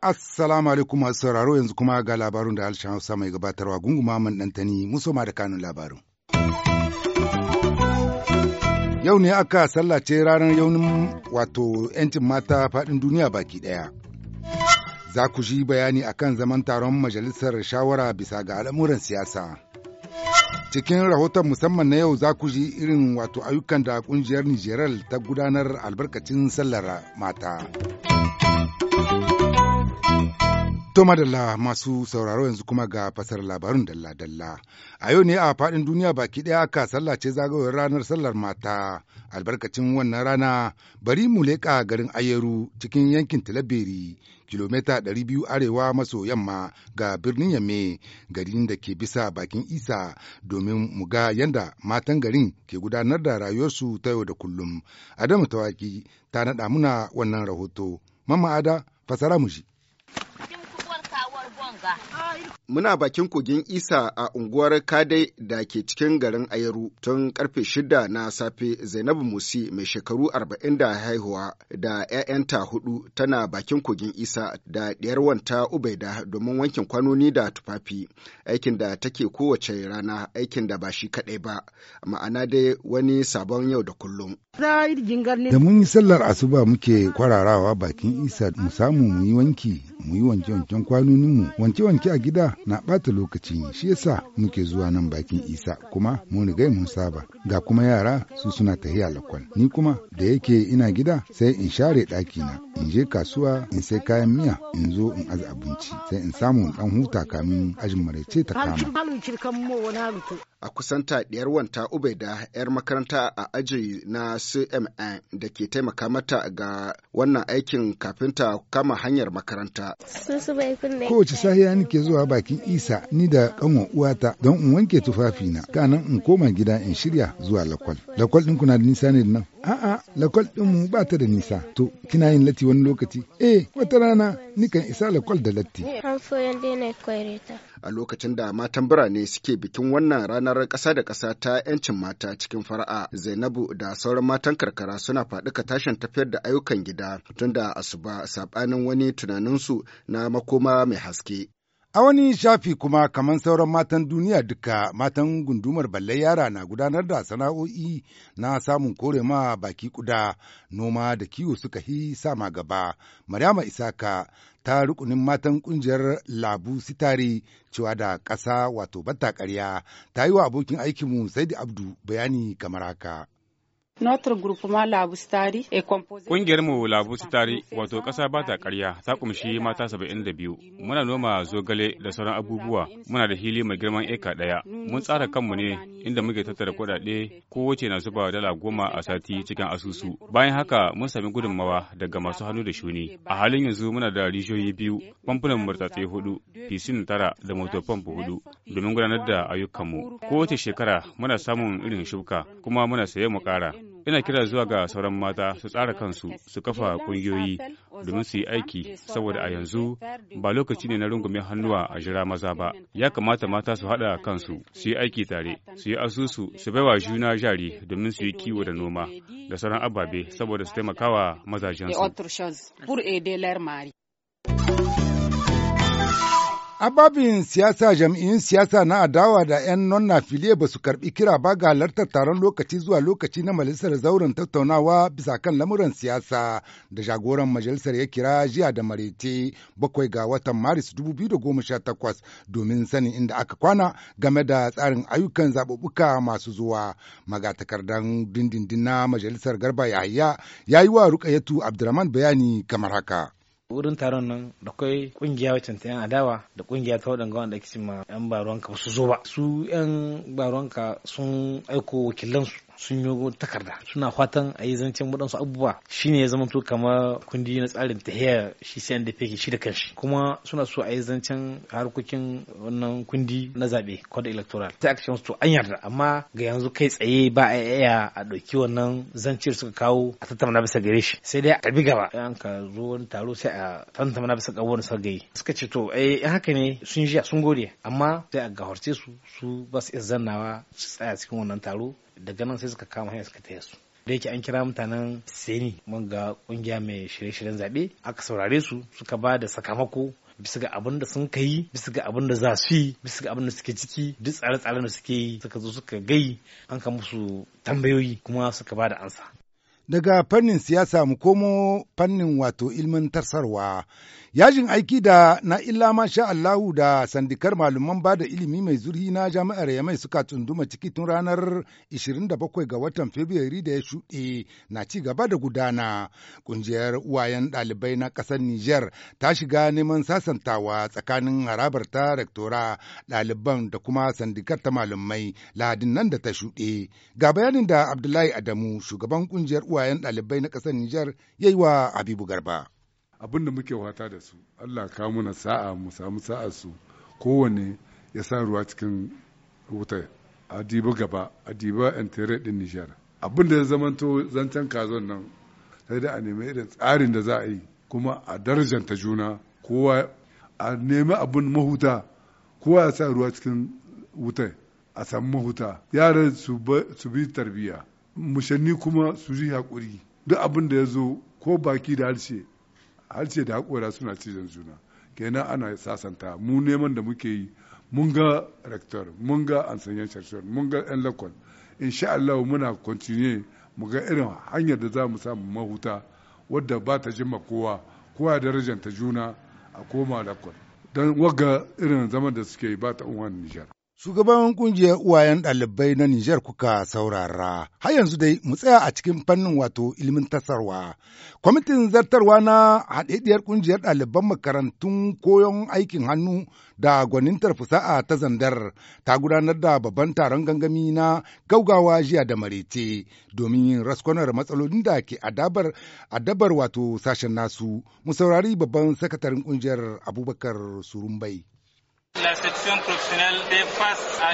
Assalamu alaikum masu sauraro yanzu kuma ga labarun da Alshan Hausa mai gabatarwa gunguma man dantani musoma da kanun labarin. Yau ne aka sallace ranar yaunin wato 'yancin mata faɗin duniya baki ɗaya. Za ku ji bayani a kan zaman taron majalisar shawara bisa ga al'amuran siyasa. Cikin rahoton musamman na yau za ku ji irin wato ayyukan da ƙungiyar Nijeral ta gudanar albarkacin sallar mata. To madalla masu sauraro yanzu kuma ga fasar labarun dalla-dalla. A yau ne a faɗin duniya baki ɗaya aka sallace zagayowar ranar sallar mata. Albarkacin wannan rana bari mu leƙa garin Ayeru cikin yankin Talabiri, kilomita 200 arewa maso yamma ga birnin Yamme, garin da ke bisa bakin Isa domin mu ga yanda matan garin ke gudanar da rayuwarsu ta yau da kullum. Adamu Tawaki ta naɗa muna wannan rahoto. Mamma Ada, fasara mu shi. Muna bakin kogin Isa a unguwar Kadai da ke cikin garin Ayaru tun karfe shida na safe Zainabu Musi mai shekaru arba'in da haihuwa da 'ya'yanta hudu tana bakin kogin Isa da wanta Ubaida domin wankin kwanoni da tufafi aikin da take kowace rana aikin da ba shi kaɗai ba ma'ana dai wani sabon yau da kullum. Da mun yi sallar asuba muke kwararawa bakin Isa mu samu mu yi wanki mu yi wanke-wanken kwanoninmu wanke-wanke a gida na ɓata lokaci ne shi yasa muke zuwa nan bakin isa kuma mu riga mun saba ga kuma yara su suna tahiya lakwal ni kuma da yake ina gida sai in share na in je kasuwa in sai kayan miya in zo in aza abinci sai in samu dan ɗan huta kamin ajin maraice ta kama a kusanta diyar wanta da 'yar makaranta a aji na cmn da ke taimaka mata ga wannan aikin kafin ta kama hanyar makaranta kowace sahiya ke zuwa bakin isa ni da kanwa uwata don in wanke tufafina kanan in koma gida in shirya zuwa lakwal lakwal ɗin kuna da nisa ne nan a'a lakwal ɗinmu ba ta da nisa to kina yin latti wani lokaci eh wata rana kan isa lakwal da latti a lokacin da matan birane suke bikin wannan ranar ƙasa da ƙasa ta 'yancin mata cikin fara'a zainabu da sauran matan karkara suna faɗuka tashin tafiyar da ayyukan gida tunda asuba saɓanin wani tunaninsu na makoma mai haske A wani shafi kuma kamar sauran matan duniya duka matan gundumar balle yara na gudanar da sana'o'i na samun kore ma baki kuda noma da kiwo suka hi sama gaba. Maryama Isaka ta rukunin matan kungiyar labu sitari cewa da ƙasa wato bata ƙarya ta yi wa abokin aikinmu Saidi Abdu bayani kamar haka. Ƙungiyar mu Labustari wato ƙasa ba ta ƙarya ta ƙumshi mata saba'in da biyu. Muna noma zogale da sauran abubuwa. Muna da hili mai girman eka ɗaya. Mun tsara kanmu ne inda muke tattara kuɗaɗe kowace na zuba dala goma a sati cikin asusu. Bayan haka mun sami gudunmawa daga masu hannu da shuni. A halin yanzu muna da rijiyoyi biyu, famfunan murtatse hudu, fisin tara da motar famfo hudu domin gudanar da ayyukanmu. Kowace shekara muna samun irin shuka kuma muna saye mu ƙara. ina kira zuwa ga sauran mata su tsara kansu su kafa kungiyoyi domin su yi aiki saboda a yanzu ba lokaci ne na rungume hannuwa a jira maza ba ya kamata mata su haɗa kansu su yi aiki tare su yi asusu su baiwa juna jari domin su yi kiwo da noma da sauran ababe saboda su taimakawa mazajensu Ababin siyasa jam'iyyun siyasa na adawa da 'yan nonna filiye ba su karbi kira ba ga halartar taron lokaci zuwa lokaci na majalisar zauren tattaunawa bisa kan lamuran siyasa da jagoran majalisar ya kira jiya da Marete bakwai ga watan maris 2018 domin sanin inda aka kwana game da tsarin ayyukan zaɓuɓɓuka masu zuwa magatakardan dindindin na majalisar garba yahaya ya yi wa rukayatu Abdurahman bayani kamar haka. wurin taron nan da kai kungiya wacce ta yan adawa da kungiya ta wadanda wanda ake cima yan baruwanka ba su zo ba su yan baruwanka sun aiko wakilansu sun yi takarda suna fatan a yi zancen waɗansu abubuwa shine ya zamanto kama kundi na tsarin ta hiyar shi da ke shi da kanshi kuma suna so a yi zancen harkokin wannan kundi na zaɓe kwada electoral ta aka to an yarda amma ga yanzu kai tsaye ba a iya a ɗauki wannan zancen suka kawo a tattauna bisa gare shi sai dai a karbi gaba an ka zo wani taro sai a tantamana bisa ga wani suka gayi suka ce to eh haka ne sun jiya sun gode amma sai a gafarce su su ba su iya zannawa su tsaya cikin wannan taro daga nan sai suka kama hanyar suka taya su da yake an kira mutanen seni mun ga kungiya mai shirye-shiryen zaɓe aka saurare su suka ba da sakamako bisa ga abin da sun kai bisa ga abin da za su yi bisa ga abin da suke ciki duk tsare-tsaren da suke yi suka zo suka gai an ka musu tambayoyi kuma suka ba da ansa daga fannin siyasa mu komo fannin wato ilmin tarsarwa. Yajin aiki da na illa masha Allahu da sandikar malaman ba da ilimi mai zurhi na jami'ar Yamai suka tsunduma ciki tun ranar 27 ga watan Fabrairu da ya shuɗe na ci gaba da gudana. Kungiyar uwayen ɗalibai na ƙasar Nijar ta shiga neman sasantawa tsakanin harabar ta rektora ɗaliban da kuma sandikar ta malamai lahadin nan da ta shuɗe. Ga bayanin da Abdullahi Adamu shugaban kungiyar uwayen ɗalibai na ƙasar Nijar ya yi wa Habibu Garba. Abin da muke wata da su, Allah ka muna sa'a mu samu sa'a su kowane ya sa ruwa cikin wuta a diba gaba a diba ɗin Nijar. Abin da ya zamanto zancen kazon nan sai da a nemi irin tsarin da za a yi kuma a ta juna kowa a nemi abin mahuta kowa ya sa ruwa cikin wuta a samu mahuta yaran su bi tarbiyya mushanni kuma su ji haƙuri duk abin da ya zo ko baki da harshe harshe da haƙora suna cizon juna kenan ana sasanta mu neman da muke yi mun ga rektor mun ga ansanyen sharshor mun ga yan lakon insha Allah muna continue mu ga irin hanyar da za mu samu mahuta wadda ba ta jima kowa kowa darajanta juna a koma lakon don waga irin zaman da suke ba ta unwan nijar Shugaban kungiyar uwayen ɗalibai na Nijar kuka saurara, har yanzu dai mu tsaya a cikin fannin wato ilimin tasarwa. Kwamitin zartarwa na haɗeɗiyar kungiyar ɗaliban makarantun koyon aikin hannu da gwanintar fusa'a ta zandar ta gudanar da babban taron gangami na gaugawa jiya da marece domin yin raskonar matsalolin da ke adabar adabar wato sashen nasu. Mu saurari babban sakataren kungiyar Abubakar Surumbai.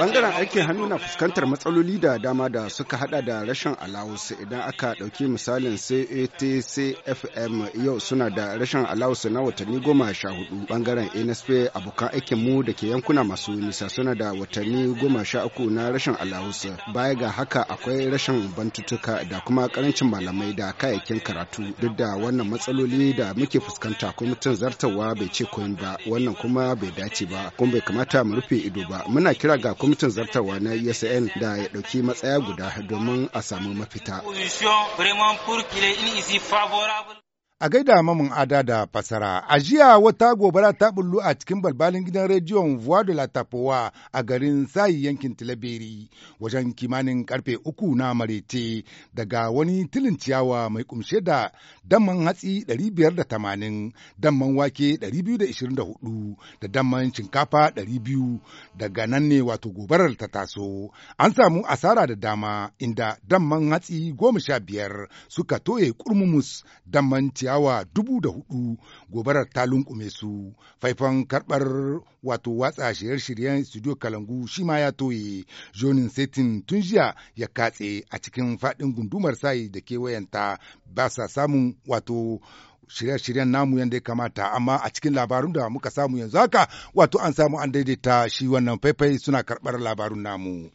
Bangaren aikin hannu na fuskantar matsaloli da dama da suka hada da rashin alawus idan aka dauki misalin CATCFM yau suna da rashin alawus na watanni goma sha hudu. Bangaren NSP abokan aikin mu da ke yankuna masu nisa suna da watanni goma sha uku na rashin alawus. Baya ga haka akwai rashin bantutuka da kuma karancin malamai da kayayyakin karatu. Duk da wannan matsaloli da muke fuskanta kwamitin zartawa bai ce koyin ba wannan kuma bai dace ba. bai kamata mu rufe ido ba muna kira ga kwamitin zartarwa na usn e da ya ɗauki matsaya guda domin a samu mafita A gaida mamun ada da fasara, a jiya wata gobara ta bullu a cikin balbalin gidan rediyon voa de la Tapowa a garin Sayi yankin Tilaberi wajen kimanin karfe uku na marece daga wani tilin ciyawa mai kumshe da damman hatsi 580, damman wake 224 da damman shinkafa 200 daga nan ne wato gobarar ta taso. An samu asara da dama inda damman hatsi 15 suka toye kurmumus damman ciyawa ciyawa dubu da hudu gobarar ta lunkume su faifan karɓar wato watsa shiryar shiryen studio kalangu shi ma ya toye jonin setin tun jiya ya katse a cikin faɗin gundumar sayi da kewayenta ba sa samun wato shirye-shiryen namu yadda ya kamata amma a cikin labarun da muka samu yanzu haka wato an samu an daidaita shi wannan faifai suna karɓar labarun namu.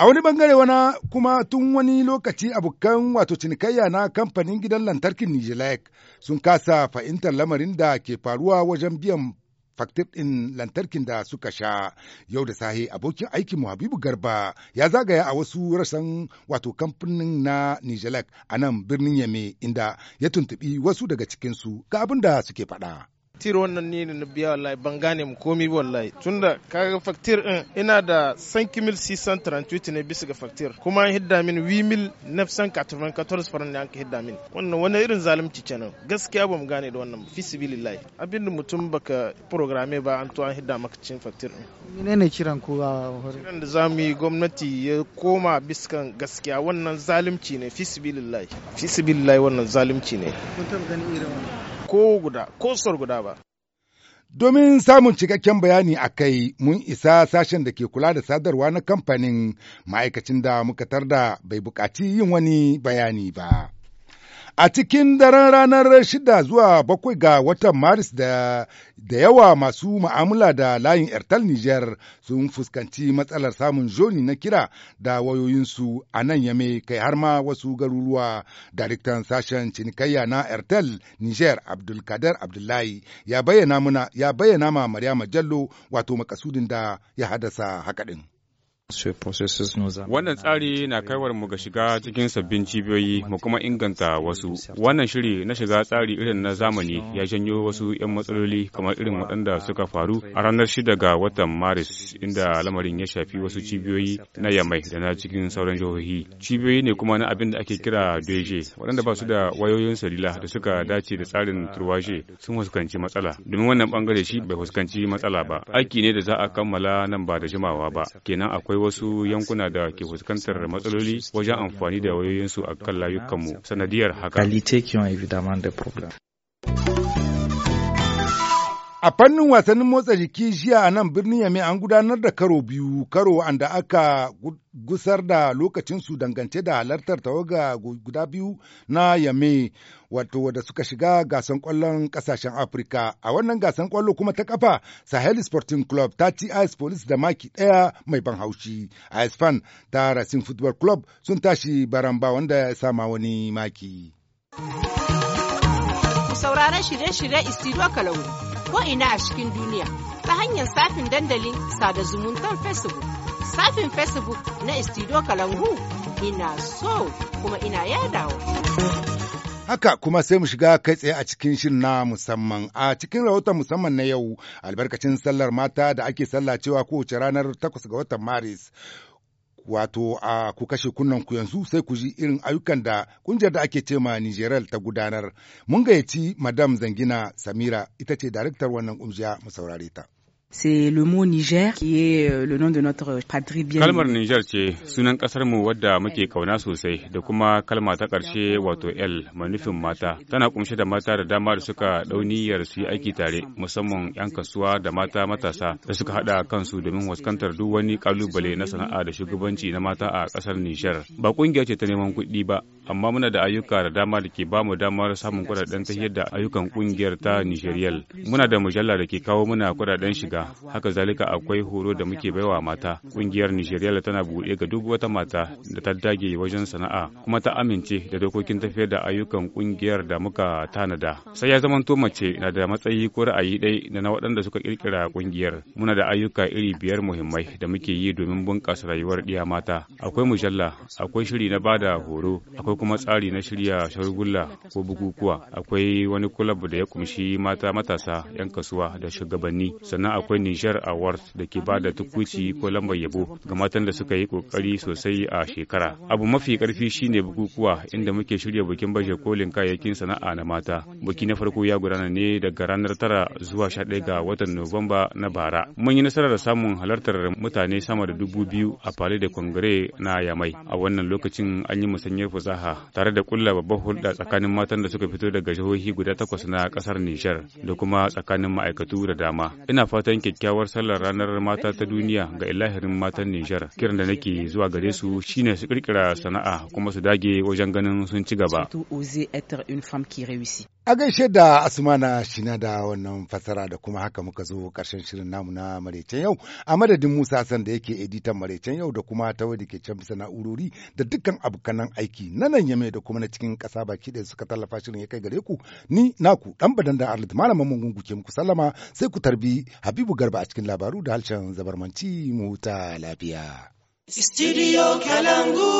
A wani bangare wana kuma tun wani lokaci abokan wato cinikayya na kamfanin gidan lantarkin Nijilek sun kasa fahimtar lamarin da ke faruwa wajen biyan faktif ɗin lantarkin da suka sha yau da sahe abokin mu Habibu Garba ya zagaya a wasu rasan wato kamfanin na Nijilek a nan birnin Yame inda ya tuntubi wasu daga cikinsu ga abin da suke faɗa. faktir wannan ne na biya wallahi ban gane mu komi wallahi tunda kaga faktir din ina da 5638 ne bisa ga faktir kuma an hidda min 8994 faran ne an ka hidda min wannan wani irin zalunci kenan gaskiya ba mu gane da wannan fisibilillahi abin da mutum baka programme ba an to an hidda maka cin faktir din menene kiran ku a kiran da zamu yi gwamnati ya koma biskan gaskiya wannan zalunci ne fisibilillahi fisibilillahi wannan zalunci ne kun taba ganin irin wannan ko guda ko sor guda ba Domin samun cikakken bayani a kai mun isa sashen da ke kula da sadarwa na kamfanin ma'aikacin da muka tarda bai buƙaci yin wani bayani ba. A cikin daren ranar shida zuwa bakwai ga watan Maris da yawa masu ma'amala da layin Airtel Niger sun fuskanci matsalar samun joni na kira da wayoyinsu a nan yame kai har ma wasu garuruwa. Daraktan sashen cinikayya na Airtel Niger Abdulkader Abdullahi ya bayyana ma Maryama Jallo wato makasudin da ya haddasa hakaɗin. Wannan tsari na kaiwar mu ga shiga cikin sabbin cibiyoyi mu kuma inganta wasu. Wannan shiri na shiga tsari irin na zamani ya janyo wasu 'yan matsaloli kamar irin waɗanda suka faru a ranar shida ga watan Maris inda lamarin ya shafi wasu cibiyoyi na Yamai da na cikin sauran jihohi. Cibiyoyi ne kuma na abin da ake kira Deje waɗanda ba su da wayoyin salila da suka dace da tsarin Turwaje sun fuskanci matsala. Domin wannan bangare shi bai fuskanci matsala ba. Aiki ne da za a kammala nan ba da jimawa ba. Kenan akwai wasu yankuna da ke fuskantar matsaloli wajen amfani da wayoyinsu a kan layukanmu sanadiyar haka. A fannin wasannin motsa jiki jiya a nan birnin yamai an gudanar da karo biyu, karo anda aka gusar da lokacinsu dangance da halartar tawaga guda biyu na Yame, wato da suka shiga gasan kwallon kasashen Afrika. A wannan gasan kwallo kuma ta kafa Sahel Sporting Club ta ci Ice Police da maki ɗaya mai ban haushi. Ice Fan ta Racing Football Club sun tashi baramba wanda ya sama wani maki. Sauraron shirye-shirye Istiro Kalau. ko'ina a cikin duniya ta hanyar safin dandalin sada zumuntar Facebook. Safin Facebook na Istido Kalangu ina so kuma ina yadawa. Haka kuma sai mu shiga kai tsaye a cikin shirin na musamman. A cikin rahoton musamman na yau, albarkacin sallar mata da ake sallacewa kowace ranar 8 ga watan Maris. wato a ku kashe kunnan ku yanzu sai ku ji irin ayyukan da kungiyar da ake cema Nigeral ta gudanar. Mun gayyaci Madam Zangina Samira ita ce daraktar wannan kungiya mu saurare ta. c'est le mot Niger qui est euh, le nom de notre patrie bien kalmar Niger ce sunan kasar mu wadda muke kauna sosai da kuma kalma ta karshe wato L manufin mata tana kumshe da mata da dama da suka dau niyyar su yi aiki tare musamman yan kasuwa da mata matasa da suka hada kansu domin waskantar duk wani kalubale na sana'a da shugabanci na mata a kasar Niger ba kungiya ce ta neman kuɗi ba amma muna da ayyuka da dama da ke bamu damar samun kudaden ta da ayyukan kungiyar ta Nigeriyal. Muna da mujalla da ke kawo muna kudaden shiga, haka zalika akwai horo da muke baiwa mata. Kungiyar Nigeriyal tana buɗe ga duk wata mata da ta dage wajen sana'a, kuma ta amince da dokokin tafiyar da ayyukan kungiyar da muka tanada. Sai ya zamanto mace na da matsayi ko ra'ayi ɗai da na waɗanda suka kirkira kungiyar. Muna da ayyuka iri biyar muhimmai da muke yi domin bunƙasa rayuwar ɗiya mata. Akwai mujalla, akwai shiri na bada horo, akwai kuma tsari na shirya shagulgula ko bukukuwa akwai wani kulab da ya kumshi mata matasa 'yan kasuwa da shugabanni sannan akwai Nijar Awards da ke ba da tukuci ko lambar yabo ga matan da suka yi kokari sosai a shekara. Abu mafi karfi shine bukukuwa inda muke shirya bikin baje kolin kayayyakin sana'a na mata. Biki na farko ya gudana ne daga ranar tara zuwa sha ɗaya ga watan Nuwamba na bara. Mun yi nasarar samun halartar mutane sama da dubu biyu a Palais de congre na Yamai. A wannan lokacin an yi musanyar fasaha fasaha tare da kulla babbar hulɗa tsakanin matan da suka fito daga jihohi guda takwas na ƙasar Nijar da kuma tsakanin ma'aikatu da dama. Ina fatan kyakkyawar sallar ranar mata ta duniya ga ilahirin matan Nijar. Kiran da nake zuwa gare su shine su kirkira sana'a kuma su dage wajen ganin sun ci gaba. A gaishe da Asmana Shina da wannan fasara da kuma haka muka zo ƙarshen shirin namu na maraicen yau a madadin Musa Hassan da yake editan maraicen yau da kuma ta wadda ke can bisa na'urori da dukkan abokanan aiki na nan yame da kuma na cikin ƙasa baki da suka tallafa shirin ya kai gare ku ni naku ɗan badan da Arlit malaman mun ke muku sallama sai ku tarbi Habibu Garba a cikin labaru da harshen zabarmanci mu huta lafiya. Studio Kalangu.